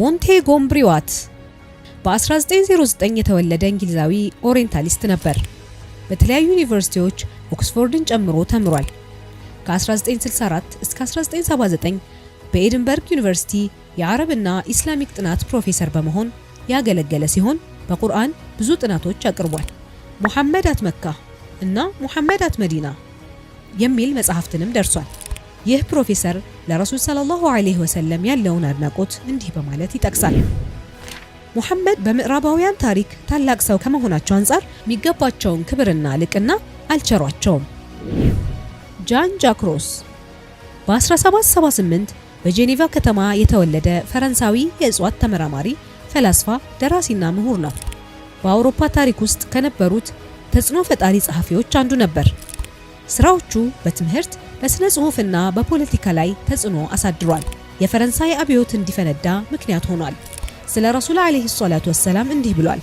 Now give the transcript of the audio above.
ሞንቴ ጎምብሪዋት በ1909 የተወለደ እንግሊዛዊ ኦሪየንታሊስት ነበር። በተለያዩ ዩኒቨርሲቲዎች ኦክስፎርድን ጨምሮ ተምሯል። ከ1964 እስከ 1979 በኤድንበርግ ዩኒቨርሲቲ የአረብና ኢስላሚክ ጥናት ፕሮፌሰር በመሆን ያገለገለ ሲሆን በቁርአን ብዙ ጥናቶች አቅርቧል። ሙሐመድ አት መካ እና ሙሐመድ አት መዲና የሚል መጽሐፍትንም ደርሷል። ይህ ፕሮፌሰር ለረሱል ሰለላሁ ዐለይሂ ወሰለም ያለውን አድናቆት እንዲህ በማለት ይጠቅሳል። ሙሐመድ በምዕራባውያን ታሪክ ታላቅ ሰው ከመሆናቸው አንጻር የሚገባቸውን ክብርና ልቅና አልቸሯቸውም። ጃን ጃክሮስ በ1778 በጄኔቫ ከተማ የተወለደ ፈረንሳዊ የእጽዋት ተመራማሪ፣ ፈላስፋ፣ ደራሲና ምሁር ነው። በአውሮፓ ታሪክ ውስጥ ከነበሩት ተጽዕኖ ፈጣሪ ጸሐፊዎች አንዱ ነበር። ስራዎቹ በትምህርት በስነ ጽሑፍና በፖለቲካ ላይ ተጽዕኖ አሳድሯል። የፈረንሳይ አብዮት እንዲፈነዳ ምክንያት ሆኗል። ስለ ረሱል ዓለይሂ ሰላቱ ወሰላም እንዲህ ብሏል።